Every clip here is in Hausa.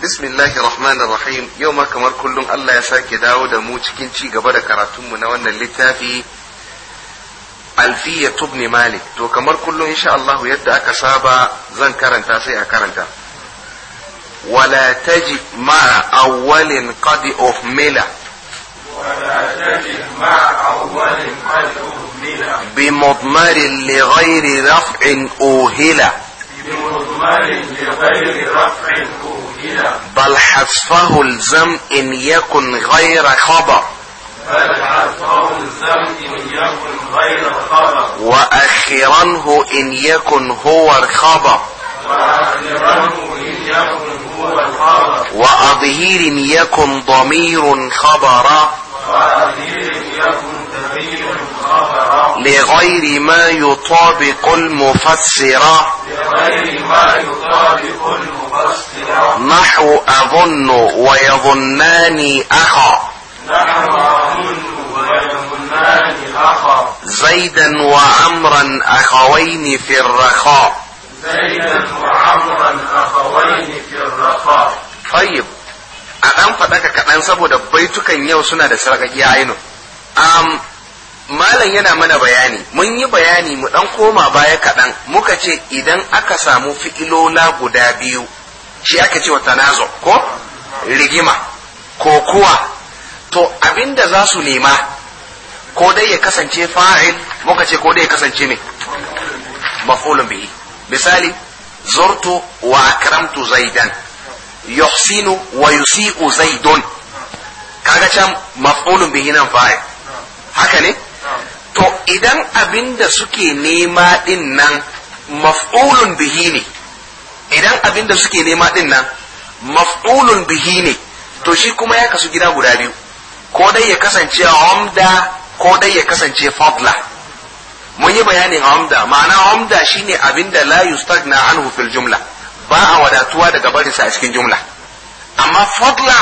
Bismillahi Rahmanir Rahim yau ma kamar kullum Allah ya sake dawo da mu cikin ci gaba da karatunmu na wannan littafi Alfiya Tubni Malik to kamar kullum insha Allah yadda aka saba zan karanta sai a karanta ولا تجد مع أول قد أهمل ولا تجد مع أول بمضمر لغير رفع أوهل بمضمر لغير رفع بل حذفه الزم إن يكن غير خبر بل حذفه الزم إن يكن غير خبر وأخرنه إن يكن هو الخبر وأخرنه إن يكن هو الخبر وأظهير يكن ضمير خبرا وأظهير يكن ضمير خبرا لغير ما يطابق المفسر لغير ما يطابق المفسر نحو أظن ويظناني أخا زيدا وعمرا أخوين في الرخاء زيدا وعمرا أخوين في الرخاء طيب أدام فدك كأن سبو دبيتك يو سنة دسرقك يا أم Malam yana mana bayani, mun yi bayani mu ɗan koma baya kaɗan, muka ce idan aka samu fi'ilola guda biyu, shi ake cewa tanazo ko rigima ko kuwa to abinda za su nema ko dai ya kasance fa'il muka ce ko dai ya kasance ne maf'ulun bihi misali zurtu wa akramtu zaidan yuhsinu wa yusi'u zaidun kaga can maf'ulun bihi nan fa'il haka ne to idan abinda suke nema din nan maf'ulun bihi ne idan abin da suke nema din nan maf'ulun bihi ne to shi kuma ya kasu gida guda biyu ko dai ya kasance umda ko dai ya kasance fadla mun yi bayanin homda. ma'ana homda shine abin da la yustagna anhu fil jumla ba a wadatuwa daga barinsa a cikin jumla amma fadla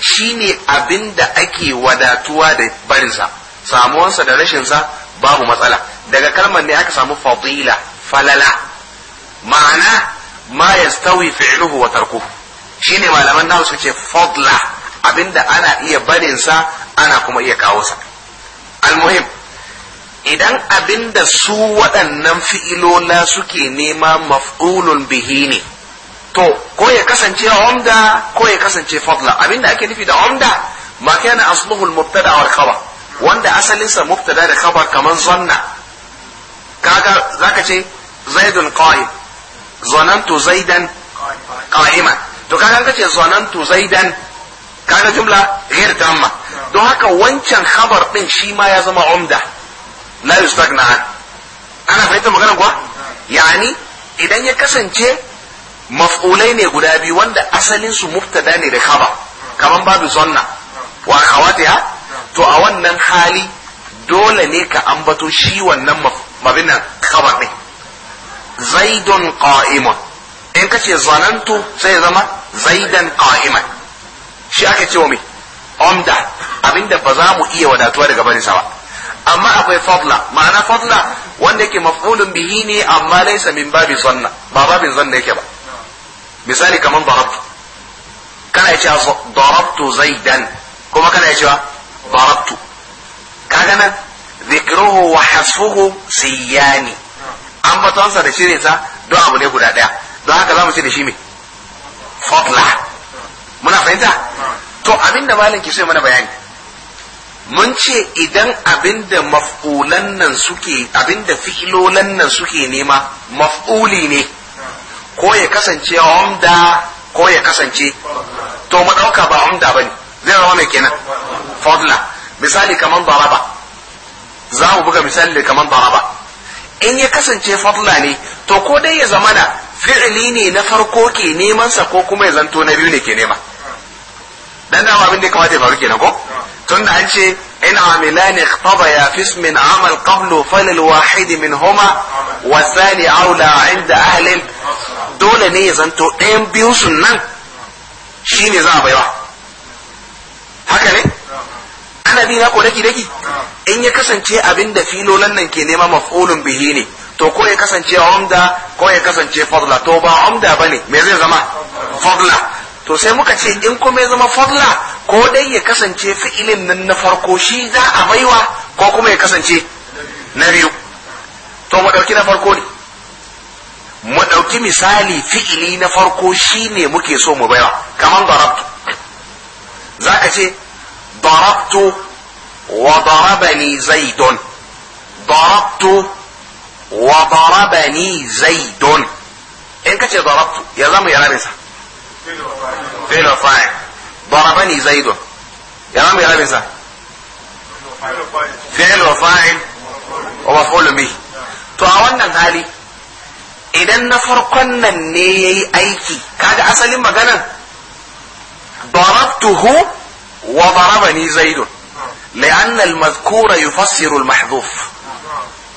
shine abin da ake wadatuwa da barinsa samuwansa da rashinsa babu matsala daga kalmar ne aka samu fadila falala ma'ana ma yastawi fi'luhu wa tarkuhu shine malaman nawa suke fadla abinda ana iya barin sa ana kuma iya kawo sa almuhim idan abinda su waɗannan fi'ilola suke nema maf'ulun bihi ne to ko ya kasance umda ko ya kasance fadla abinda ake nufi da umda ma kana asluhu al-mubtada wal khabar wanda asalinsa mubtada da khabar kaman zanna kaga zaka ce zaidun qa'im zonantu zaidan qa'iman to kaga kace zonantu zaidan kaga jumla ghair tamma don haka wancan khabar din shi ma ya zama umda la yustagna an ana fahimta magana kuwa yani idan ya kasance maf'ulai ne guda biyu wanda asalin su mubtada ne da khabar kaman babu zonna wa akhawatiha to a wannan hali dole ne ka ambato shi wannan mabin habar khabar zaidun qa'imun in ka ce zanantu sai zama zaidan qa'iman shi aka ce wa omda abinda ba za mu iya wadatuwa daga barin sa ba amma akwai fadla ma'ana fadla wanda yake maf'ulun bihi ne amma laysa min babi zanna ba babin zanna yake ba misali kaman darabtu kana cewa darabtu zaidan kuma kana cewa darabtu kaga nan ذكره وحذفه سيان ambatonsa da cire sa don abu ne guda daya don haka za mu ce da shi me fadla muna fahimta to abinda malam ke so mana bayani mun ce idan abinda maf'ulan nan suke abinda fi'ilolan nan suke nema maf'uli ne ko ya kasance umda ko ya kasance to mu ba umda bane zai zama mai kenan fadla misali kaman baraba za mu buga misali kaman baraba in ya kasance fadla ne to ko dai ya zamana fi'ili ne na farko ke neman sa ko kuma ya zanto na biyu ne ke nema dan dama abin da kamata ya faru kenan ko da an ce in amilan iqtabaya fi ismin amal qablu falil wahid minhuma wa thani aula inda ahli dole ne ya zanto ɗayan biyun sun nan shine za a baiwa haka ne kana bi na ko daki daki in ya kasance abin da filolan nan ke nema maf'ulun bihi ne to ko ya kasance umda ko ya kasance fadla to ba umda bane me zai zama fadla to sai muka ce in kuma ya zama fadla ko dai ya kasance fi'ilin nan na farko shi za a baiwa ko kuma ya kasance na biyu to mu dauki na farko ne mu dauki misali fi'ili na farko shine muke so mu baiwa kaman darabtu zaka ce ضربت وضربني زيد ضربت وضربني زيد in ka ce darabtu ya zama ya rabinsa fi'il wa fa'il darabani zaidun ya zama ya rabinsa fi'il wa fa'il wa maf'ul bi to a wannan hali idan na farkon nan ne yayi aiki kaga asalin maganar darabtuhu وضربني زيد لأن المذكور يفسر المحذوف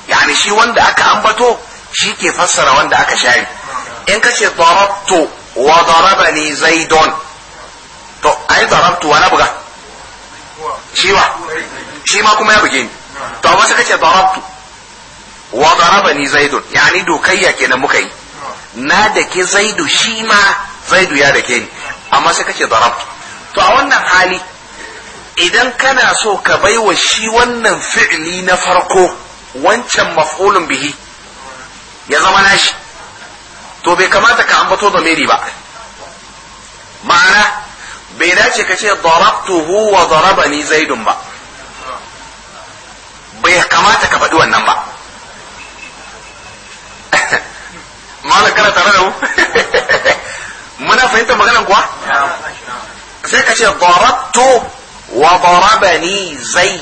يعني شي وند أكا أنبتو شي كيفسر وند أكا شاري إن كشي ضربت وضربني زيد تو أي ضربت وأنا أبغى شي واحد شي ما كم يبغين تو أما سكشي ضربت وضربني زيد يعني دو كي كنا مكي نادك زيد شي ما زيد يا دكين أما سكشي ضربت تو أولنا حالي idan kana so ka baiwa shi wannan fi'li na farko wancan maf'ulun bihi ya zama nashi to bai kamata ka ambato meri ba ma'ana bai dace ka ce darabtuhu wa darabani zaidun ba bai kamata ka faɗi wannan ba malam kana tare da mu muna fahimtar maganar kuwa sai ka ce darabtu وضربني زيد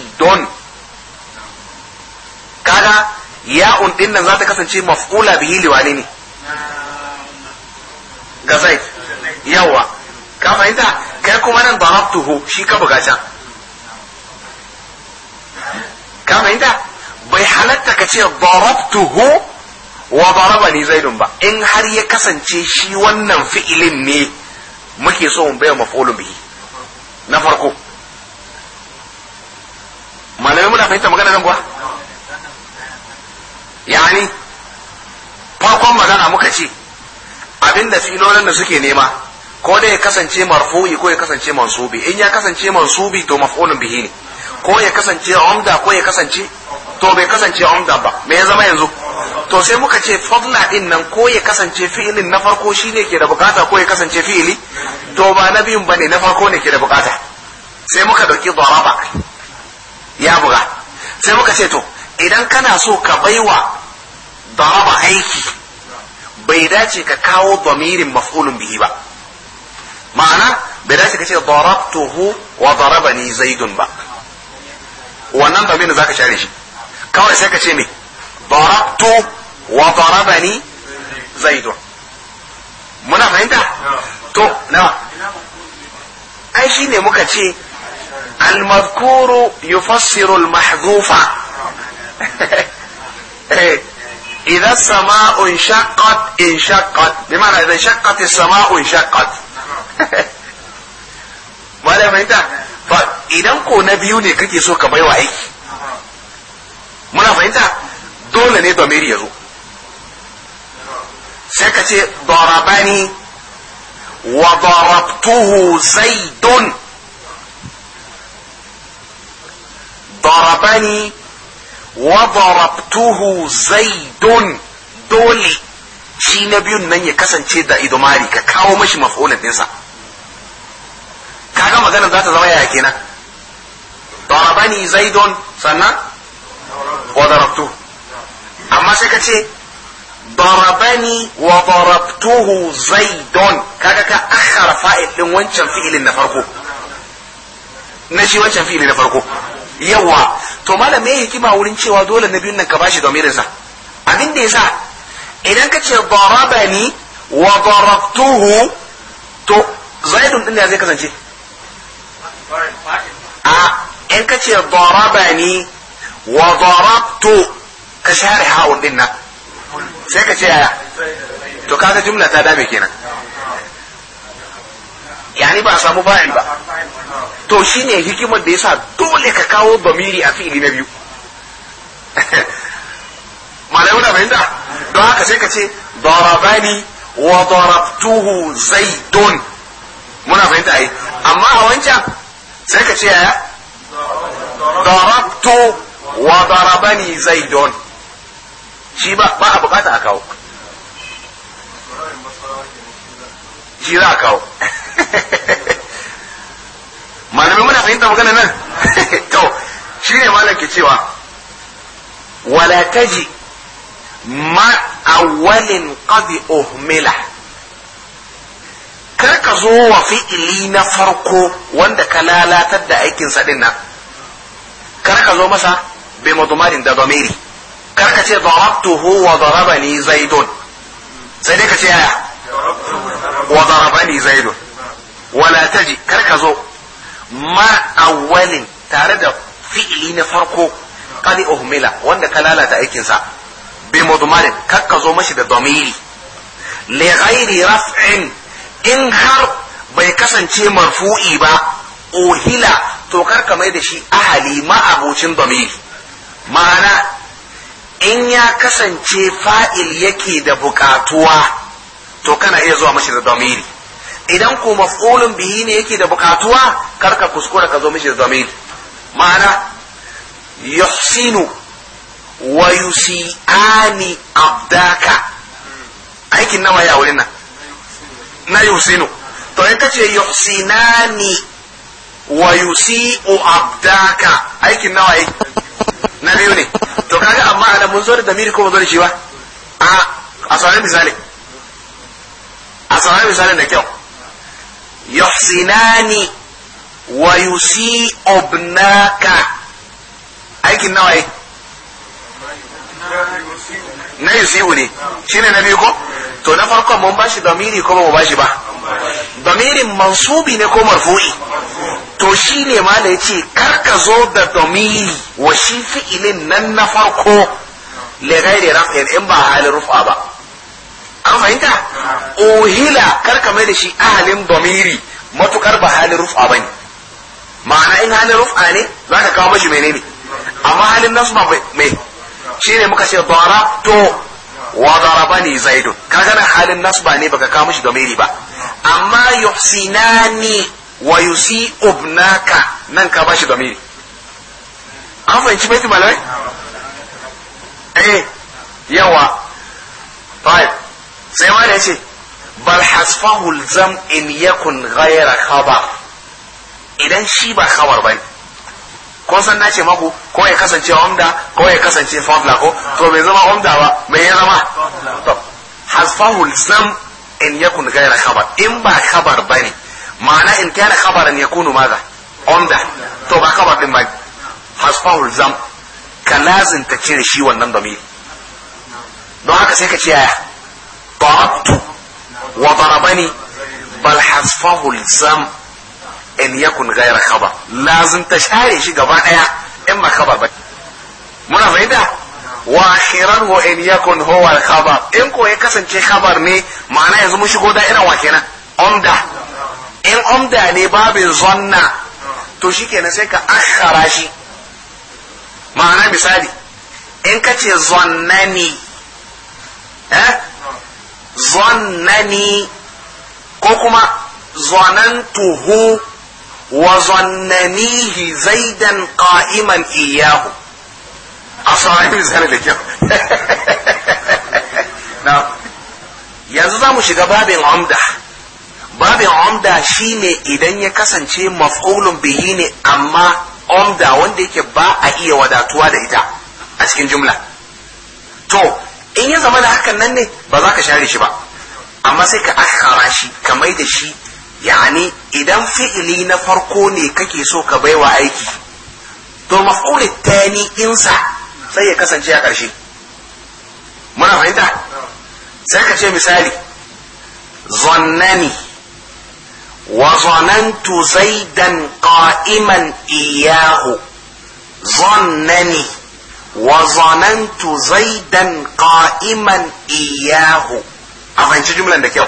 kaga ya'un din nan za ta kasance maf'ula bihi liwane ne ga zaid ka fahimta kai kuma nan darabtuhu shi ka buga can ka fahimta bai halarta ka ce darabtuhu wa darabani zaidun ba in har ya kasance shi wannan fi'ilin ne muke so in bai maf'ulun bihi na farko malamai muna fahimta magana nan kuwa yani farkon magana muka ce abinda filolin da suke nema ko da ya kasance marfu'i ko ya kasance mansubi in ya kasance mansubi to maf'ulun bihi ne ko ya kasance umda ko ya kasance to bai kasance umda ba me ya zama yanzu to sai muka ce fadla din nan ko ya kasance fi'ilin na farko shine ke da bukata ko ya kasance fi'ili to ba na biyun bane na farko ne ke da bukata sai muka dauki daraba ya buga sai muka ce to idan kana so ka baiwa daraba aiki bai dace ka kawo domirin maf'ulun bihi ba ma'ana bai dace ka ce darabtuhu wa darabani zaidun ba wannan domirin zaka share shi kawai sai ka ce me darabtu wa darabani zaidun muna fahimta to nawa ai shine muka ce المذكور يفسر المحذوف إذا السماء انشقت انشقت بمعنى إذا انشقت السماء انشقت ولا ما انت فإذا طيب، انكو نبيوني كتي سوكا بيوا اي منا فإنت دول نيتو ميري يزو سكتي ضرباني وضربته زيدون ضربني وضربته زيد dole shi na biyun nan ya kasance da idomari ka kawo mashi maf'ulin ɗinsa kaga maganar za ta zama yaya kenan darabani zaidon sannan wa darabtu amma sai ka ce darabani wa darabtuhu zaidon kaga ka akhara fa'il din wancan fi'ilin na farko na shi wancan fi'ilin na farko yawa to malam me hikima wurin cewa dole na biyun nan ka bashi domin sa abin da sa idan ka ce darabani wa darabtuhu to zaidun din da zai kasance a in ka ce darabani wa darabtu ka share ha'un din nan sai ka ce yaya to kaga jumla ta dame kenan yani ba a samu bayan ba to shine hikimar da sa dole ka kawo bamiri a fi'ili na biyu malai wani da don haka sai ka ce darabani wa zai zaidun muna fahimta yi. amma a wancan sai ka ce yaya Dorabtu wa darabani zaidun shi ba ba a bukata a kawo shi za a kawo fahimta magana nan to shi ne malam ke cewa wala taji ma awwalin qad uhmila kar ka zo wa fi'ili na farko wanda ka lalatar da aikin sa din nan kar ka zo masa bi madmarin da damiri kar ka ce darabtuhu wa darabani zaidun sai dai ka ce yaya wa darabani zaidun wala taji kar ka zo ma awwalin tare da fi'ili na farko qad uhmila wanda ka lalata aikin sa bi mudmarin kakka zo mashi da damiri li ghairi raf'in in har bai kasance marfu'i ba ohila to karka mai da shi ahali abocin damiri ma'ana in ya kasance fa'il yake da bukatuwa to kana iya zuwa mashi da damiri idan ku maf'ulun bihi ne yake da bukatuwa karka kuskura ka zo mishi zamir ma'ana yuhsinu wa yusi'ani abdaka aikin nawa ya wurin nan na yusinu. to in kace yuhsinani wa yusi'u abdaka aikin nawa yi na biyu ne to kaga amma ana mun zo da damiri ko mun zo da shi ba a a sauran misali a sauran misali da kyau yuhsinani wa yusi obnaka aikin nawa yi na yusi'u ne shine ne na biyu ko to na farkon mun bashi damiri ko mu bashi ba damirin mansubi ne ko marfu'i to shi ne ma da ya karka zo da damiri wa shi fi'ilin nan na farko le gaire raf'in in ba halin rufa ba an fahimta ohila kar ka mai da shi ahalin domiri matukar ba halin rufa ba ne? ma'ana in halin rufa ne za ka kawo mashi menene amma halin nasu ba mai ne muka ce dara to wa darabani zaidun kaga nan halin nasba ne baka kawo mashi domiri ba amma sinani wa yusi ubnaka nan ka bashi domiri an fahimci baitin malamai eh yawa five sai ma da ce bal hasfahu zam in yakun ghayra khabar idan shi ba khabar bane ko san na ce maku ko ya kasance umda ko ya kasance fadla ko to bai zama umda ba me ya zama to hasfahu zam in yakun ghayra khabar in ba khabar bane ma'ana in kana khabaran yakunu madha umda to ba khabar din bane hasfahu zam ka lazin ta cire shi wannan damiri don haka sai ka ce yaya ضربت وضربني بل حذفه الزم in yakun gaira khabar lazim ta share shi gaba daya in ma khabar ba muna fahimta wa akhiran wa in yakun huwa al khabar in ko ya kasance khabar ne ma'ana yanzu mun shigo da'ira wa kenan umda in umda ne babin zanna to shikenan sai ka akhara shi ma'ana misali in ka ce zannani eh zonnani ko kuma tuhu wa zannanihi zaidan ƙa'iman iyahu a sauran misali da kyau yanzu za mu shiga babin umda babin shi ne idan ya kasance maf'ulun bihi ne amma umda wanda yake ba a iya wadatuwa da ita a cikin jumla to in ya zama da hakan nan ne ba za ka share shi ba amma sai ka akhara shi ka mai da shi yani idan fi'ili na farko ne kake so ka baiwa aiki to maf'ul tani insa sai ya kasance a ƙarshe muna fahimta sai ka ce misali zannani wa zanantu zaidan qa'iman iyahu zannani وظننت زيدا قائما إياه da جملة عندك يو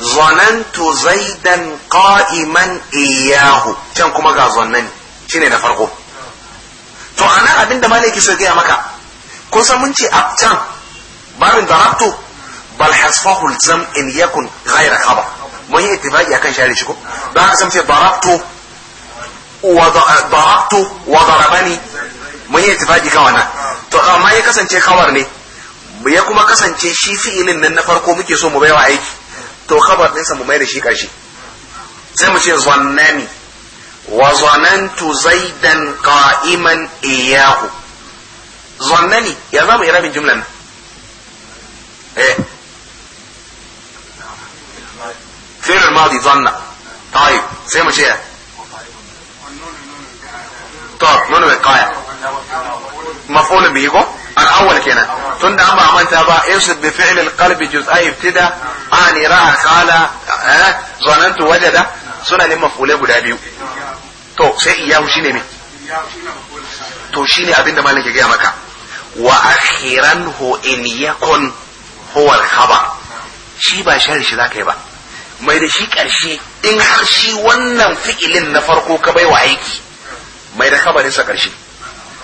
ظننت زيدا قائما إياه كم كما قال ظنني شنو نفرقه to ana abin da malaki sai gaya maka kun san mun ce abtan barin darabtu bal hasfahu alzam in yakun ghayra khabar mun yi ittifaqi akan share shi ko dan san mun yi ittifaqi kan wannan to amma ya kasance khabar ne ya kuma kasance shi fi'ilin nan na farko muke so mu baiwa aiki to khabar ɗinsa mu mai da shi ƙarshe sai mu ce zannani wa zanantu zaidan qa'iman iyahu zannani ya zamu yi rabin jumlan eh fi'il al-madi zanna tayyib sai mu ce to nunu bai kaya. maf'ulun bihi ko al-awwal kenan tunda an ba manta ba yusuf bi fi'l al-qalbi juz'a ibtida ani ra'a qala zanantu wajada suna ne maf'ulai guda biyu to sai iyahu shine me to shine abinda malam ke gaya maka wa akhiranhu in yakun huwa al-khabar shi ba shari shi zaka yi ba mai da shi ƙarshe in har shi wannan fi'ilin na farko ka baiwa aiki mai da kabarinsa ƙarshe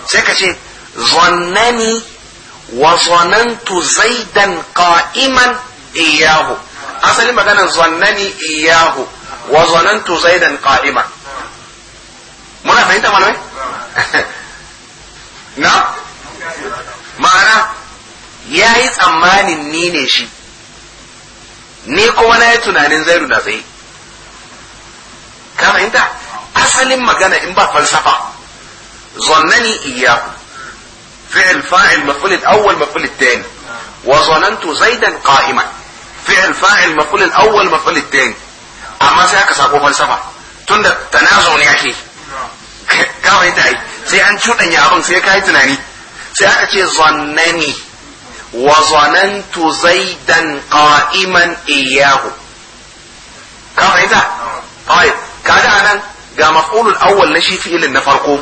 sai ka ce ظنني وظننت زيدا قائما إياه أصل ما ظنني إياه وظننت زيدا قائما muna fahimta malamai na ma'ana ya yi tsammanin ni ne shi ni kuma na yi tunanin zairu na tsaye ka fahimta asalin magana in ba falsafa zonnani iyaku فعل فاعل مفعول الأول مفعول الثاني وظننت زيدا قائما فعل فاعل مفعول الأول مفعول الثاني amma sai aka sako falsafa tunda tanazo ne ake kawai ta yi sai an cuɗanya abin sai ka yi tunani sai aka ce zannani wa zanantu zaidan qa'iman iyahu ka fahimta tayyib kaga anan ga maf'ulul awwal na shi fi'ilin na farko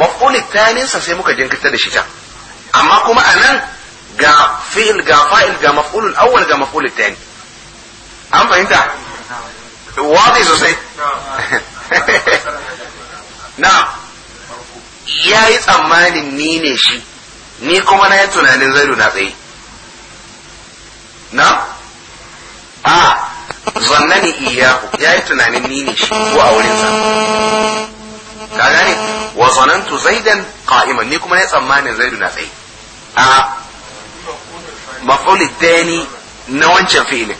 maf'ulul thanin sa sai muka jinkirta da shi ta amma kuma a nan ga fi'il ga fa'il ga maf'ulul awwal ga maf'ulul tani an fahimta wadi sosai na ya yi tsammanin ni ne shi ni kuma na yi tunanin zaidu na tsaye na a zannani iyaku. ya yi tunanin ni ne shi ko a wurinsa ka gane wa zanantu zaidan qa'iman ni kuma na yi tsammanin zaidu na tsaye a maf'ul thani na wancan fi'ilin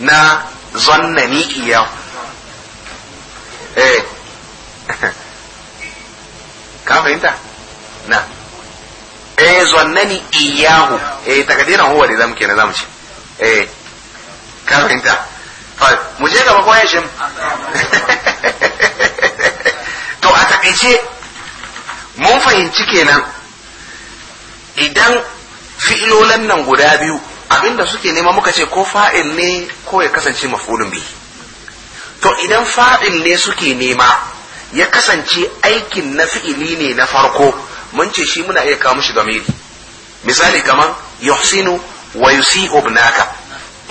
na zannani iya eh ka fahimta na eh zannani iyahu eh takadiran huwa da zamu kenan zamu ce eh ka fahimta mu je gaba ko yashin to a takaice mun fahimci kenan idan fi'ilolan nan guda biyu abinda suke nema muka ce ko fa'il ne ko ya kasance maf'ulun bi? to idan fa'il ne suke nema ya kasance aikin na fi'ili ne na farko mun ce shi muna iya kawo mishi gamiri misali kaman yuhsinu wa yusi'u ibnaka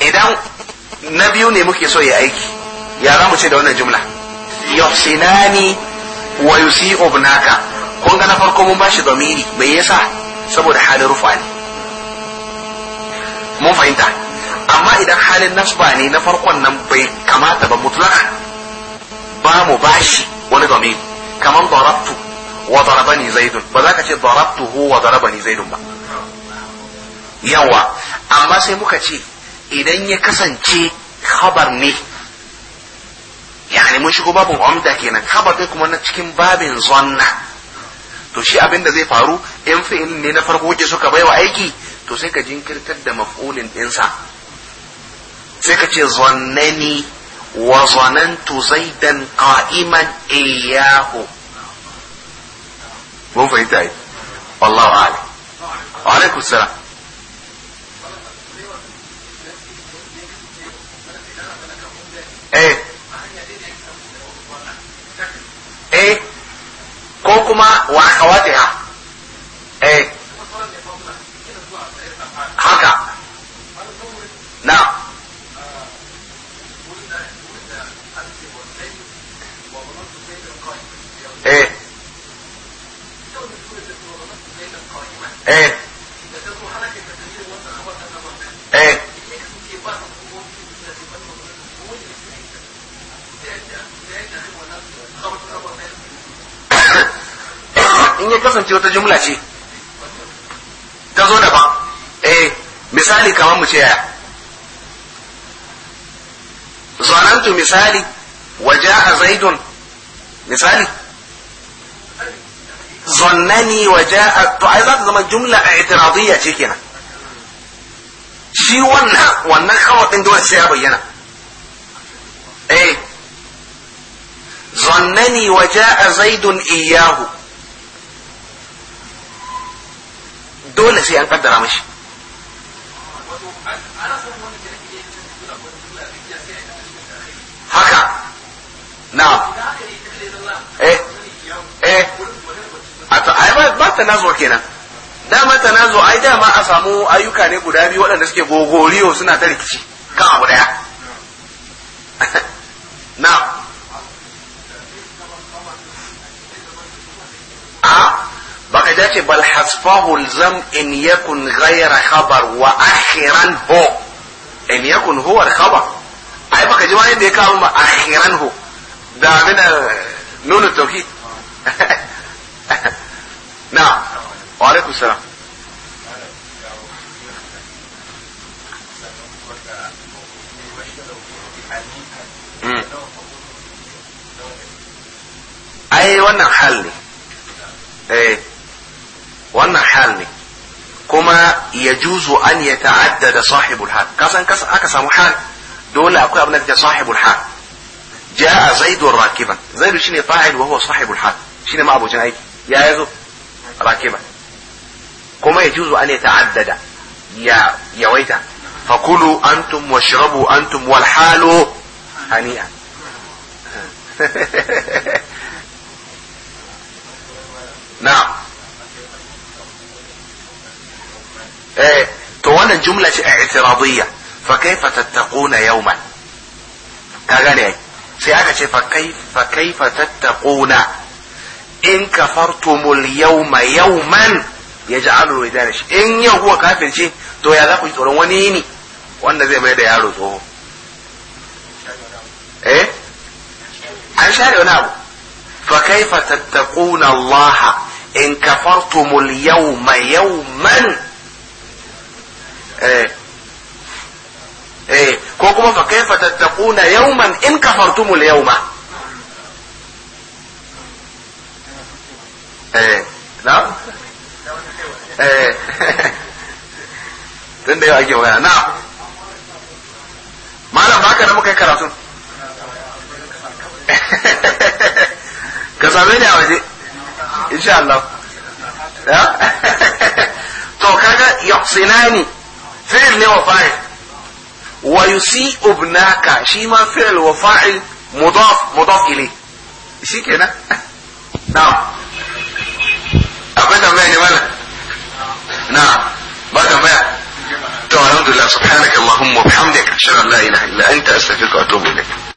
idan na biyu ne muke so ya aiki ya za mu ce da wannan jumla yuhsinani wa yusi'u ibnaka kun ga na farko mun ba bashi gamiri me yasa saboda halin rufa ne mun fahimta amma idan halin nasba ne na farkon nan bai kamata ba mutlaka ba mu bashi wani domin kamar darabtu wa darabani zaidun ba za ka ce darabtuhu wa darabani zaidun ba yawa amma sai muka ce idan ya kasance khabar ne yani mun shigo babin amda kenan khabar ɗin kuma na cikin babin zonna to shi abin da zai faru in fi'il ne na farko ke suka baiwa aiki to sai ka jinkirtar da maf'ulin ɗinsa sai ka ce zannani wa zanantu zaidan qa'iman iyahu mun fahimta ai wallahu a'lam wa alaikum salam eh ko kuma wa akhawatiha eh haka na eh eh ya kasance wata jumla ce ta zo daban eh misali kamar mu ce ya zanantu misali waje a zaidun misali zannani waje a to ai za ta zama jumla a itiradiyya ce kenan shi wannan wannan kawadin dole sai ya bayyana eh zannani waje a zaidun iyahu dole sai an kaddara mashi haka na eh eh a ba ta nazo kenan dama ta nazo ai dama a samu ayyuka ne guda biyu waɗanda suke gogoriyo suna ta rikici kan abu daya ياتي بل حذفه الزم ان يكن غير خبر واخرا هو ان يكن هو الخبر ai baka ji wani da ya kawo akhiran hu da mina nunu tauhid na wa alaikum salam ai wannan hal ne eh wannan hal ne kuma ya juzu an ya ta'adda da sahibul hal kasan kasa aka samu hal dole akwai abin da sahibul hal ja'a zaidun rakiban zaidu shine fa'il wa huwa sahibul hal shine ma abocin aiki ya yazo rakiban kuma ya juzu an ya ta'addada ya yawaita fakulu antum washrabu antum wal halu hani'a جملة اعتراضية فكيف تتقون يوما كغني سيأكا فكيف فكيف تتقون إن كفرتم اليوم يوما يجعل الولدان إن هو كافر شيء تو يا ذاك يتورون ونيني وأن زي ما يدى يارو تو إيه عن شارع نابو فكيف تتقون الله إن كفرتم اليوم يوما eh eh ko kuma fa kaifa tattaquna yawman in kafartum al-yawma eh na eh tunda ya ake magana na malam baka da muka karatu ka same ni a waje insha Allah to kaga yahsinani fi'il ne wa fa'il wa yusi ibnaka shi ma fi'il wa fa'il mudaf mudaf ilay Na. Na akwai tambaya ne mana na'am ba tambaya to alhamdulillah bihamdika ashhadu an la ilaha illa anta astaghfiruka wa atubu ilayk